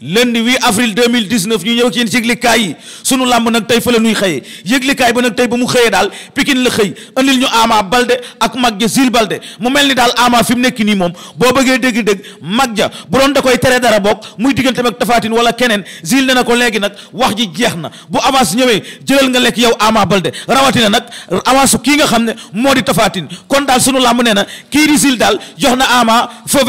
lenn 8 avril 2019 ñu ñëw ak yéen ci yëglikaay yi sunu làmb nag tey fa la ñuy xëyee yëglikaay ba nag tey ba mu xëyee daal Pikine la xëy andil ñu Ama Baldé ak mag ja Zil Baldé mu mel ni daal Ama fi mu nekk nii moom boo bëggee dégg-dégg mag ja bu doon da koy tere dara bokk muy diggante ak Tapha Tine wala keneen Zil ne ko léegi nag wax ji jeex na bu avance ñëwee jëlal nga lekk yow Ama balde rawatina nag avance kii nga xam ne moo di Tapha kon daal sunu làmb nee na kii di Zil daal jox na Ama feu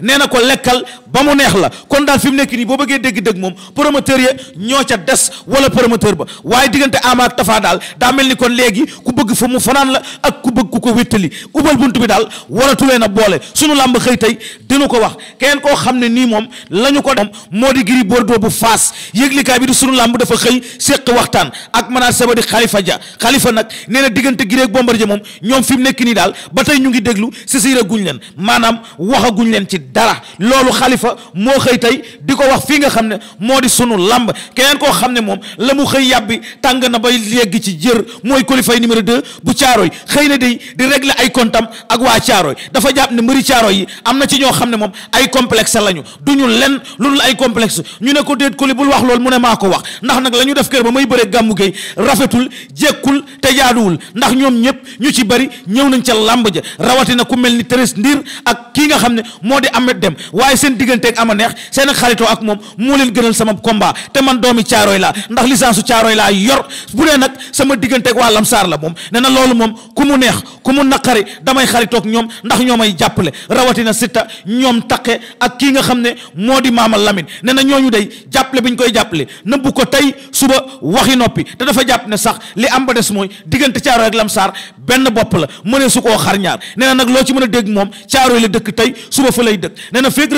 nee na ko lekkal ba mu neex la kon daal nekk boo bëggee dégg-dégg moom promoteur ya ñoo ca des wala promoteur ba waaye daal daa mel ni kon léegi ku bëgg fa mu fanaan la ak ku bëgg ku ko wéttali ubal bunt bi daal waratuleen a boole sunu làmb xëy tey dinu ko wax keneen koo xam ne nii moom la ko moom moo di Gris Bordeaux bu faas yëglikaay bi di sunu làmb dafa xëy séq waxtaan ak manaat saba xalifa ja Dia nag nee na diggante Gris ak Bombardier moom ñoom fi mu nekk nii daal ba tey ñu ngi déglu si siira guñ leen maanaam waxaguñ leen ci dara loolu xalifa moo xëy tey di ko wax fii nga xam ne moo di sunu lamb keneen koo xam ne moom la mu xëy yàbbi tàng na bay yegg ci jër mooy Colifay numéro 2 bu Caaroy xëy na dey di régler ay kontam ak waa Caaroy dafa jàpp ne mbëri Caaroy yi am na ci ñoo xam ne moom ay complexe lañu du ñu len lu dul ay complexe ñu ne ko déet Coli bul wax loolu mu ne maa ko wax ndax nag la ñu def kër ba may bëre gàmmu gay rafetul jekkul te jaaduwul ndax ñoom ñëpp ñu ci bëri ñëw nañ ca làmb ja rawatina ku mel ni Thérèse Ndir ak kii nga xam ne moo di Ameth Deme waaye seen digganteeg ama neex seen xaritoo ak moom moom moo leen gënal sama combat te man doomi caaroy laa ndax licence su caaroy laa yor bu dee nag sama diggante ak waa lamsaar la moom nee na loolu moom ku mu neex ku mu naqari damay xaritoog ñoom ndax ñoo may jàppale rawatina sitta ñoom taqe ak kii nga xam ne moo di maama Lamine nee na ñooñu day jàppale bi ñu koy jàppale nëbbu ko tey suba waxi noppi te dafa jàpp ne sax li am ba des mooy diggante caaroy ak lamsaar benn bopp la mënee su koo xar ñaar nee nag loo ci mën a dégg moom caaroy la dëkk tey suba fa lay dëkk nee na fekk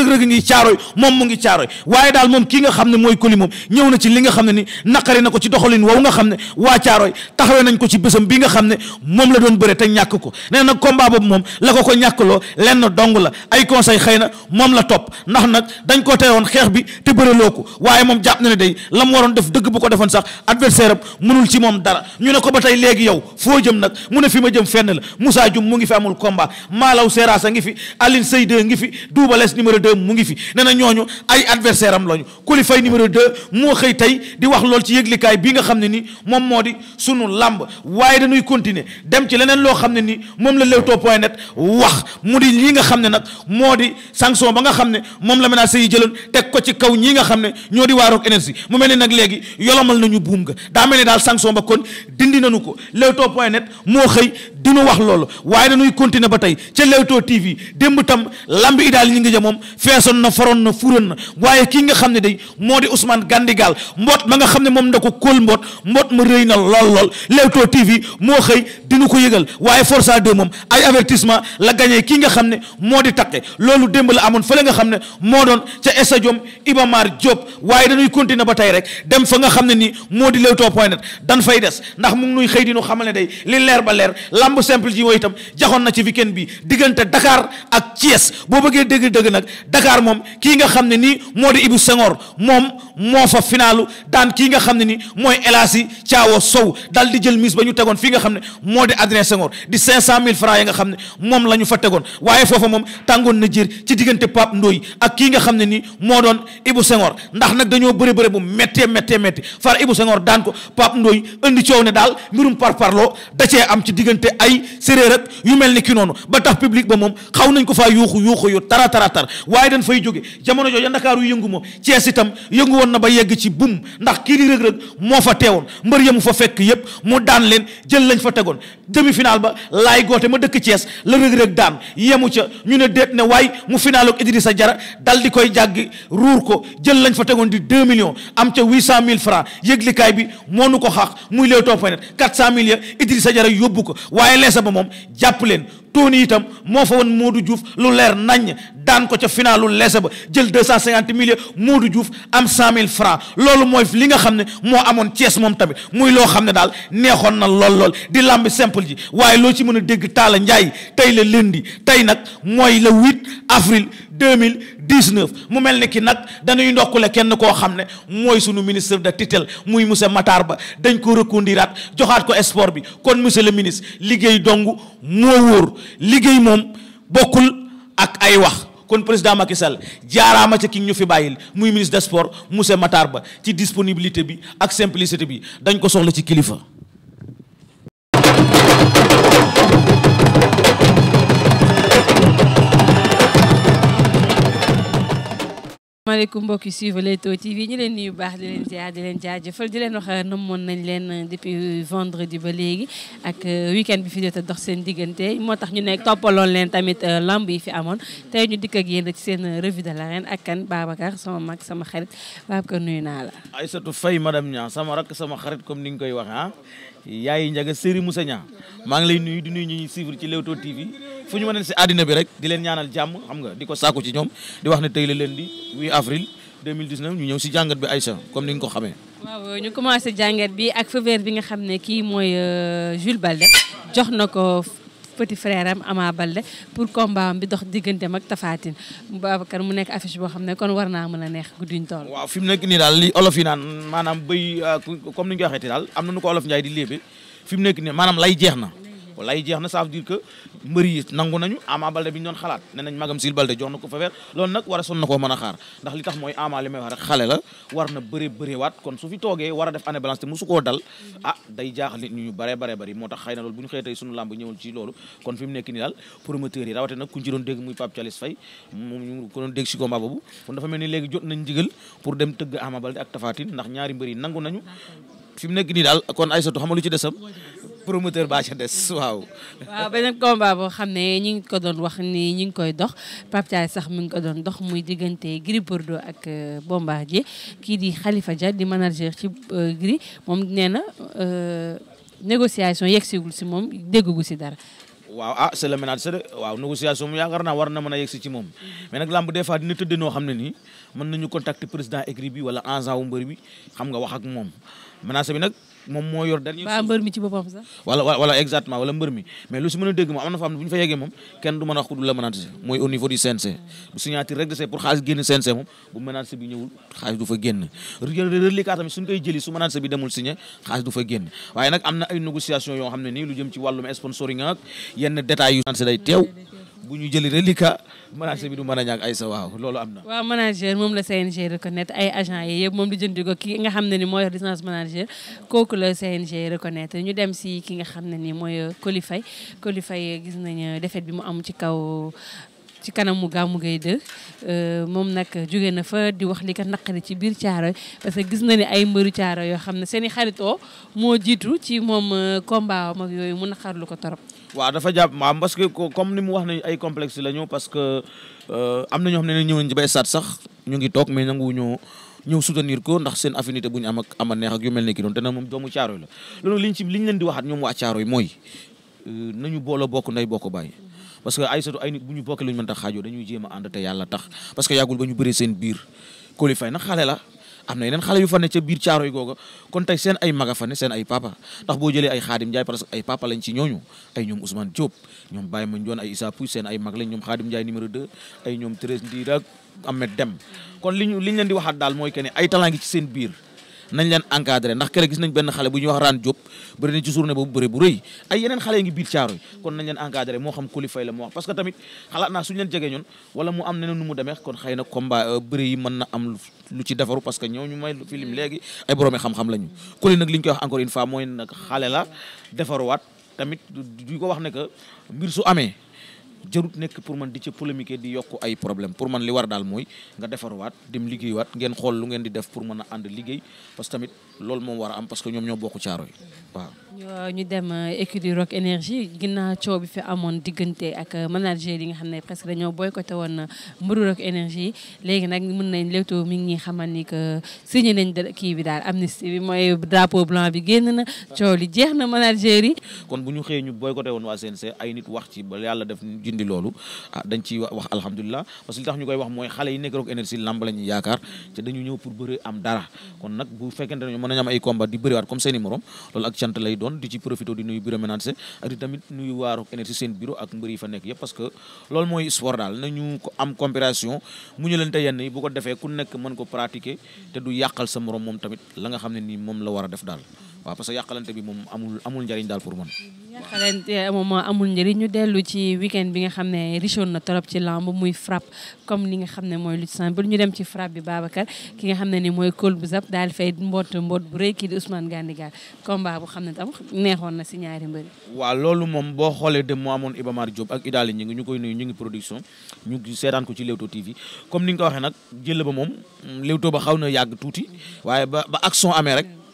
moom mu ngi caaroy waaye daal moom kii nga xam ne mooy Coly moom ñëw na ci li nga xam ne ni naqari na ko ci doxalin wow nga xam ne waa Caaroy taxawee nañ ko ci bésam bi nga xam ne moom la doon bëre te ñàkk ko nee nag combat boobu moom la ko ko ñàkkloo lenn dong la ay conseil xëy na moom la topp ndax nag dañ ko teyoon xeex bi te loo ko waaye moom jàpp na ne day la mu waroon def dëgg bu ko defoon sax adversaire am munul ci moom dara ñu ne ko ba tey léegi yow foo jëm nag mu ne fi ma jëm fenn la Moussa Dioum mu ngi fi amul combat Malaw Seras a ngi fi Aline Seyde ngi fi Doubalès numéro 2 mu ngi fi nee na ñooñu ay ndam lañu kuli fay numéro 2 moo xëy tey di wax lool ci yëglikaay bi nga xam ne ni moom moo di sunu làmb waaye dañuy continuer dem ci leneen loo xam ne ni moom la Leewtoo point net wax mu di lii nga xam ne nag moo di sanction ba nga xam ne moom la mel menaces yi jëloon teg ko ci kaw ñii nga xam ne ñoo di waa Rock mu mel ni nag léegi yolomal nañu buum nga daa mel ni daal sanction ba kon dindi nañu ko Leewtoo point net moo xëy duñu wax loolu waaye dañuy continuer ba tey ca Leewtoo TV démb tam lamb yi daal ñu ngi ja moom feesoon na faroon na furoon na waaye kii nga xam ne day moo di Ousmane Gandigal mboot ma nga xam ne moom da ko kóol mboot mboot ma rëy na lool lool Leewtoo TV moo xëy dinu ko yëgal waaye Forza 2 moom ay avertissement la gagné kii nga xam ne moo di taqe loolu démb la amoon fële nga xam ne moo doon ca stadium Iba Mar Diop waaye dañuy continuer ba tey rek dem fa nga xam ne nii moo di Leewtoo point net dan fay des ndax mu ngi nuy xëy dinu xamal ne day li leer ba leer lamb simple ji mooy itam jaxoon na ci weekend bi diggante Dakar ak Thiès boo bëggee dëgg-dëgg nag dakaar moom kii nga xam ne nii moo di Ibou Senghor moom moo fa finaalu daan kii nga xam ne nii mooy El Hadji Sow dal di jël mise ba ñu tegoon fii nga xam ne moo di Adrien Senghor di cinq cent mille francs yi nga xam ne moom lañu fa tegoon waaye foofa moom tàngoon na jër ci diggante Pape Ndoye ak kii nga xam ne nii moo doon Ibou Senghor ndax nag dañoo bëri bëri bu méttee méttee métti far Ibou Senghor daan ko Pape Ndoye indi coow ne daal da ay séréer ak yu mel ni ki noonu ba tax public ba moom xaw nañ ko faa yuuxu yuuxu yu tara tara tar waaye dañ fay jóge jamono jooju ndakaaru yëngu moom Cees itam yëngu woon na ba yegg ci bum ndax kii di rëg-rëg moo fa teewoon mbër ya mu fa fekk yépp mu daan leen jël lañ fa tegoon demi final ba laay goote ma dëkk Cees la rëg-rëg daan yemu ca ñu ne de ne waay mu final ak sa Jara dal di koy jàggi ruur ko jël lañu fa tegoon di deux millions am ca huit cent mille francs yëglikaay bi moo nu ko xaax muy Leewtoo point net quatre cent mille ya Idrissa Jara yóbbu ko waaye leesa ba moom jàpp leen tuuni itam moo fa woon Modou Diouf lu leer nañ daan ko ca finaalu leesa ba jël deux cent cinquante millions Modou Diouf am cent mille francs loolu mooy li nga xam ne moo amoon Thiès moom tamit muy loo xam ne daal neexoon na lool lool di làmb simple ji waaye loo ci mën a dégg taala Ndiaye tey la lundi tey nag mooy le 8 avril deux mille dix neuf mu mel ni ki nag dañuy ndokkule kenn koo xam ne mooy sunu ministre de tutelle muy monsieur Matar Ba dañ ko recondiraat joxaat ko sport bi kon monsieur le ministre liggéey dong moo wóor liggéey moom bokkul ak ay wax. kon président Macky Sall jaaraama ca ki ñu fi bàyyil muy ministre de sports monsieur Matar Ba ci disponibilité bi ak simplicité bi dañ ko soxla ci kilifa. maaleykum mbokk yi suivre Leewtoo TV ñu leen nuyu baax di leen ziar di leen jaajëfal leen wax namoon nañ leen euh, depuis euh, vendredi ba léegi ak euh, weekend bi fi jot a dox seen diggante moo tax ñu nekk toppaloon leen tamit lamb yi fi amoon tey ñu dikk ak yéen ci seen revue de l'arène ak kan Babacar sama mag sama xarit Babacar nuyu naa la. soto Faye madame Niang sama rakk sama xarit comme ni nga koy waxee ah yaay njaga Serigne Moussa ñaa maa ngi lay nuyu di nuyu ñuy suivre ci Leewtoo TV. fu ñu mën a si àddina bi rek di leen ñaanal jàmm xam nga di ko sàkku ci ñoom di wax ne tey la leen di 8 avril 2019 ñu ñëw si jàngat bi Aïcha comme ni ko xamee. waaw ñu commencé jàngat bi ak feu bi nga xam ne kii mooy euh, Jules Balde jox na ko petit frère am Ama Balde pour combat am bi dox digganteem ak Tafatine Babacar mu nekk affiche boo xam ne kon war naa mën a neex gudduñ waaw fi nekk nii daal li olof yi naan maanaam béy euh, comme ni ñu ko waxeeti daal am na nu ko olof Ndiaye di mu nekk nii maanaam lay jeex na. lay jeex na ça veut dire que mbër yi nangu nañu Ama Baldé bi doon xalaat ne magam Sil Baldé jox na ko fa weer loolu nag war a son na koo mën a xaar ndax li tax mooy Ama li may wax rek xale la war na bëre a ah, na loolu pour dem tëgg Ama Baldé ak Tapha ndax ñaari mbër yi nangu nañu fi mu nii daal kon Aïssatou xamalu ci desam promoteur ba ca des waaw. waaw beneen combat boo xam ne ñi ngi ko doon wax ni ñi ngi koy dox Pape sax mi ngi ko doon dox muy diggante Gris Bordeaux ak ji euh, kii di Khalifa Dia di manager ci euh, Gris moom nee na euh, négociation yeggsiwul si moom déggagu si dara. waaw ah c'est le ménage de waaw négociation mu yaakaar naa war na mën a yegg ci moom mais nag lamb des fois dina tëdd noo xam ne nii mën nañu contacter président écrit bi wala agent wu mbër bi xam nga wax moom menace bi nag. moom moo yor dernier ba mbër mi ci boppam sax wala wala exactement wala mbër mi mais lu si mën a dégg moom am na fa am bu ñu fa yeggee moom kenn du mën a wax ku du la ménager mooy au niveau du bu signature rek de c'est pour xaalis génn CNC moom bu ménager bi ñëwul bi demul xaalis du fa génn waaye nag am na ay négociation yoo xam ne nii lu jëm ci wàllum sponsoring ak yenn détails yu day teew bu ñu jëli reliquat manager bi du mën a ay sa waaw loolu am na waaw manager moom la CNG reconnaître ay agent yi moom di jëndi ko ki nga xam ne ni mooy licence manager kooku la CNG reconnaître ñu dem si ki nga xam ne ni mooy Coly Faye Coly Faye gis nañu défaite bi mu am ci kaw ci kanamu Gamou Gueye 2 euh, moom nag jóge na fa di wax li ka naqari ci biir Thiaroye parce que gis na ni ay mbëru Thiaroye yoo xam ne seen i xaritoo moo jiitu ci moom euh, combat am ak yooyu mu naqarlu ko torop waaw dafa jàpp maam parce que comme ni mu wax ne ay complexe la ñu parce que euh, am na ñoo xam ñëw nañ ci sax ñu ngi toog mais nanguwuñoo ñëw soutenir ko ndax seen affinité bu am ak ama neex ak yu mel ne ki doon te moom doomu Thiaroye la loolu liñ ci liñ leen di waxaat ñoom waa Thiaroye mooy nañu booloo bokk nday bokk baay parce que ay satu ay nit bu ñu bokkee lu ñu mën tax xaajoo dañuy jéem a ànd te yàlla tax parce que yàggul ba ñu bëree seen biir Coly Faye nag xale am na yeneen xale yu fa ne ca biir caaro yi kon tey seen ay maga fa ne seen ay papa ndax boo jëlee ay xaadim Ndiaye parce que ay papa lañ ci ñooñu ay ñoom Ousmane Diop ñoom Baye Mandione ay Issa Pouye seen ay mag lañ ñoom xaadim Ndiaye numéro 2 ay ñoom Thérèse Ndiir ak Ahmed Dem kon li ñu li ñu leen di waxaat mooy que ne ay talent ngi ci nañ leen encadré ndax kere gis nañ benn xale bu ñuy wax Rane Diop bëri na ci boobu bëri bu rëy ay yeneen xale yi ngi biir caaro yi kon nañ leen encadré moo xam kulifay la moo wax parce que tamit xalaat naa kon xëy na combat euh, bëri yi mën am lu ci defaru parce que ñoo ñu may film léegi ay boroomi xam-xam la ñu nag li ñu koy wax encore une fois mooy nag xale la defaruwaat tamit du ko wax ne que mbir su amee jarut nekk pour man di ca polémique di yokk ay problème pour man li war daal mooy nga defarwaat dem liggéeywaat ngeen xool lu ngeen di def pour mën a ànd liggéey parce que loolu moom war a am parce que ñoom ñoo bokk caaro yi waaw. ñu dem euh, écurie Rock Énergie ginnaaw coow bi fi amoon diggante ak euh, manager yi nga xam ne presque dañoo boycotté woon euh, mburu Rock Énergie léegi nag mën nañ Leewtoo mi ngi xamal ni que signé nañ kii bi daal amnistie bi mooy drapeau blanc bi génn na coow li jeex na manager yi. kon bu ñu xëyee ñu boycotté woon waa CNG ay nit wax ci ba yàlla def jindi loolu ah, dañ ciy wax alhamdulilah parce que li tax ñu koy wax mooy xale yi nekk Rock lamb la ñuy yaakaar te ñëw pour bëre am dara mën nañu am ay combat di bëriwaat comme seen i morom loolu ak cant lay doon di ci profité di nuyu bureau ménager ak di tamit nuyu waa Rock Énergie seen bureau ak mbër fa nekk yëpp parce que loolu mooy sport daal nañu ko am comparaison mu ñu leen te yenn yi bu ko defee ku nekk mën ko pratiquer te du yàqal sa morom moom tamit la nga xam ne nii moom la war a def daal waaw parce que yàqalante bi moom amul amul njëriñ daal pour man. yàqalante eh, moom amul njëriñ ñu dellu ci weekend bi nga xam ne richoon na trop ci lamb muy frappe comme li nga xam ne mooy lutte simple ñu dem ci frappe bi Babacar ki nga xam ne ni mooy Kolbu Zap daal fay mboot mboot bu rëy kii di Ousmane Gandigal combat bu xam ne tam neexoon na si ñaari mbëri. loolu moom boo xoolee dem moo amoon Ibamar Diop ak Idaali ngi koy nuyu ñu ngi production ñu seetaan ko ci Leewtoo TV comme ni nga ko waxee nag jël ba moom Leewtoo ba xaw na yàgg tuuti waaye ba ba action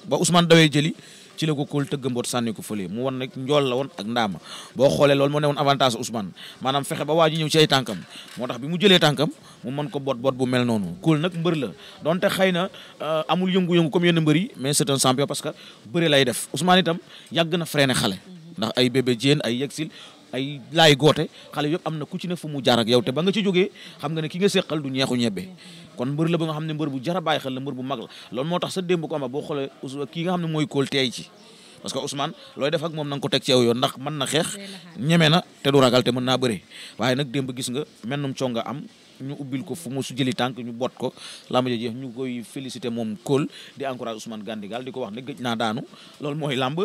ba Ousmane dawee jëli ci la ko kóol tëgg mboot sànni ko fële mu wan nag njool la woon ak ndaama boo xoolee loolu moo ne woon avantage Ousmane maanaam fexe ba waa ji ñëw ci ay tànkam moo tax bi mu jëlee tànkam mu mën ko boot bot bu mel noonu kóol nag mbër la donte xëy na euh, amul yëngu-yëngu comme yenn mbër yi mais c'est un parce que bëre lay def Ousmane itam yàgg na freiné xale ndax ay bébé jéen ay yegsil ay laay goote xale yëpp am na ku ci ne fu mu jaar ak te ba nga ci jógee xam nga ne ki nga séqal du ñeexu ñebbe kon mbër la ba nga xam ne mbër bu jar a bàyyi xel la mbër bu mag la loolu moo tax sa démb ko ama boo xoolee kii nga xam ne mooy na nga ko teg ci aw yoon na xeex ñeme na te du ragal te mën naa bëre waaye nag démb gis nga mennum cong nga ñu ubbil ko fu mu su jëli tànk ñu ko làmb ji jeex ñu koy félicité moom di ko wax ne naa daanu loolu mooy làmb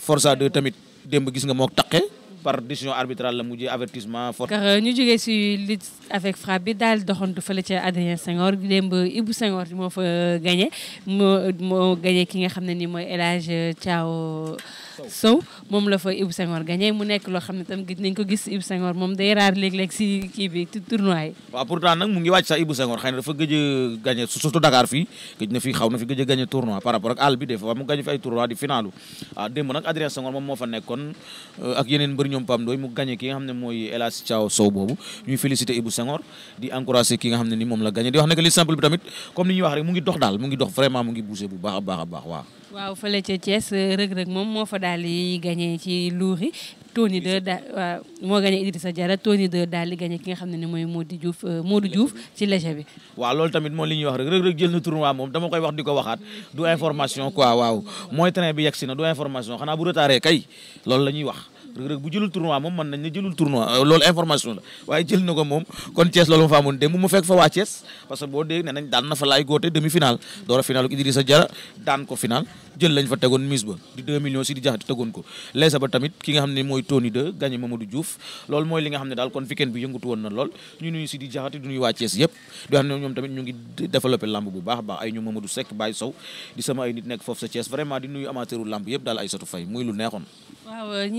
Forza 2 tamit démb gis nga mook taqe par décision arbitrale la mujjee avertissement fort. car ñu jógee si lutte avec frappe bi daal doxantu fële ca Adrien Senghor démb Ibou Senghor moo fa gagné moo gagné ki nga xam ne ni moo El Hadj Sow moom la fa Ibou Senghor gagné mu nekk loo xam ne tam gis ko gis Ibou Senghor moom day raar léeg-léeg si kii bi tournoi yi waaw pourtant nag ah, nag euh, moom la gagné di wax ne li simple bi tamit comme ni wax rek mu ngi dox daal mu ngi dox vraiment mu ngi bougé bu baax a baax a baax waaw daal di gagné ci luuri Tony 2 da waaw moo gagné a Diarra Tony 2 daal di gagné ki nga xam ne ne mooy Modou Diouf euh, Modou Diouf ci léger bi waaw loolu tamit moom li ñuy wax rek rek jël na tournoi moom dama koy wax di ko waxaat du information quoi waaw mooy train bi yegsi na du information xanaa bu retardé kay loolu la ñuy wax Reug Reug bu jëlul tournoi moom mën nañ ne jëlul tournoi euh, loolu information la waaye jël na ko moom kon Thiès loolu ma fa amoon démb mu fekk fa waa Thiès parce que boo dee nee nañ daan laay goote demi final door a final di sama ay nit nekk foofu sa Thiès vraiment di nuyu amateuru lamb yëpp daal ay satu fay muy lu neexoon euh,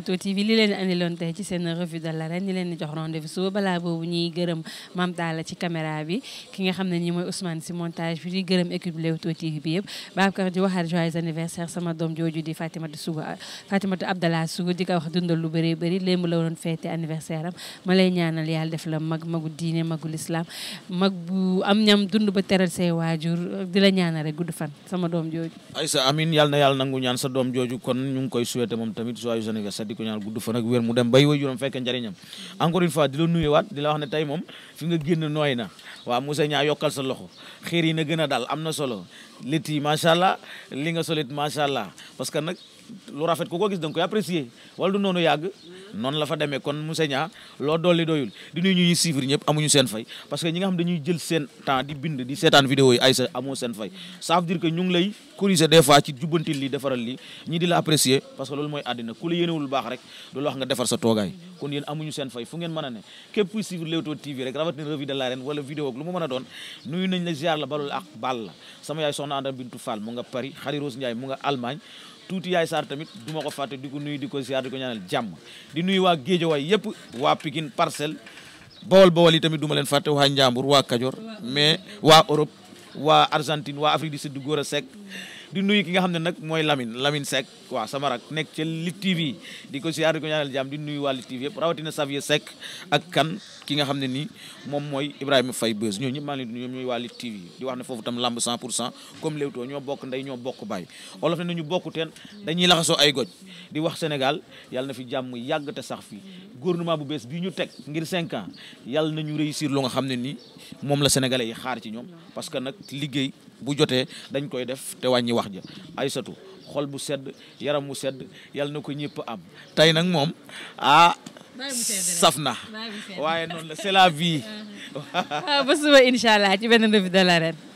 Leewtoo TV li leen andiloon tey ci seen revue de l'arène ñi leen di jox rendez-vous suba balaa boobu ñuy gërëm Mame Talla ci caméra bi ki nga xam ne ñi mooy Ousmane si montage bi di gërëm équipe Leewtoo TV bi yëpp Babacar di waxaat joyeux anniversaire sama doom jooju di la woon rek gudd fan sama doom jooju aysa amin yàlla na yàlla nangu ñaan sa doom jooju kon ñu koy souhaiter moom tamit joyeux anniversaire di ko ñaan gudd fan ak wér mu dem bay way juróom fekk encore une fois di la nuyewaat di la wax ne moom fi nga génn nooy na waaw Moussa ñaa yokkal sa loxo xeer yi a gën a daal am na solo létt yi macha allah li nga solit macha allah parce que nag lu rafet ku ko gis danga koy apprécier wala du noonu yàgg noonu la fa demee kon Moussa loo dolli doyul di nuyu ñu ñuy suivre ñëpp amuñu seen fay parce que ñi nga xam dañuy jël seen temps di bind di seetaan vidéo yi ay sa amoo seen fay ça veut dire que ñu ngi lay jubbantil lii defaral lii ñi di la apprécier parce que loolu mooy àddina ku la yéenewul baax rek du la wax nga defar sa toogaay kon yéen amuñu seen fay fu ngeen mën a ne képp kuy suivre Leewtoo TV rek rawatina revue de l'arène wala vidéo lu mu mën a doon nuyu nañ la la tuuti yaay saar tamit du ma ko fàtte di ko nuyu di ko ziar di ko ñaanal jàmm di nuyu waa Géejawaay yëpp waa Pikine Parcelles Bawol Bawol yi tamit du ma leen fàtte waa Njambur waa Kajoor mais waa Europe waa Argentine wa Afrique du Sud góor a Seck di nuyu ki nga xam ne nag mooy Lamine Lamine Seck waaw sama rak nekk ca Lutte TV di ko siyaar di ko ñaanal jàmm di nuyu waa Lutte TV rawatina Xavier Seck ak kan ki nga xam ne nii moom mooy Ibrahima Faye Beuz ñoo ñëpp maa ngi leen di nuyu ñoom ñooy waa Lutte TV di wax ne foofu tam lamb ñoo bokk ñoo bokk baay olof bokk teen laxasoo ay goj di wax Sénégal yàlla fi jàmm yàgg te sax fi gouvernement bu bees bi ñu teg ngir 5 ans yàlla nañu réussir lu nga xam ne nii moom la sénégalais yi xaar ci ñoom parce que nag liggéey bu jotee dañ koy def te wàññi wax ja Aysatu xol bu sedd yaram mu sedd yàlla na ko ñëpp am tey nag moom ah saf na la c'est la ah, ba suba incha allah ci benn revue de l'arène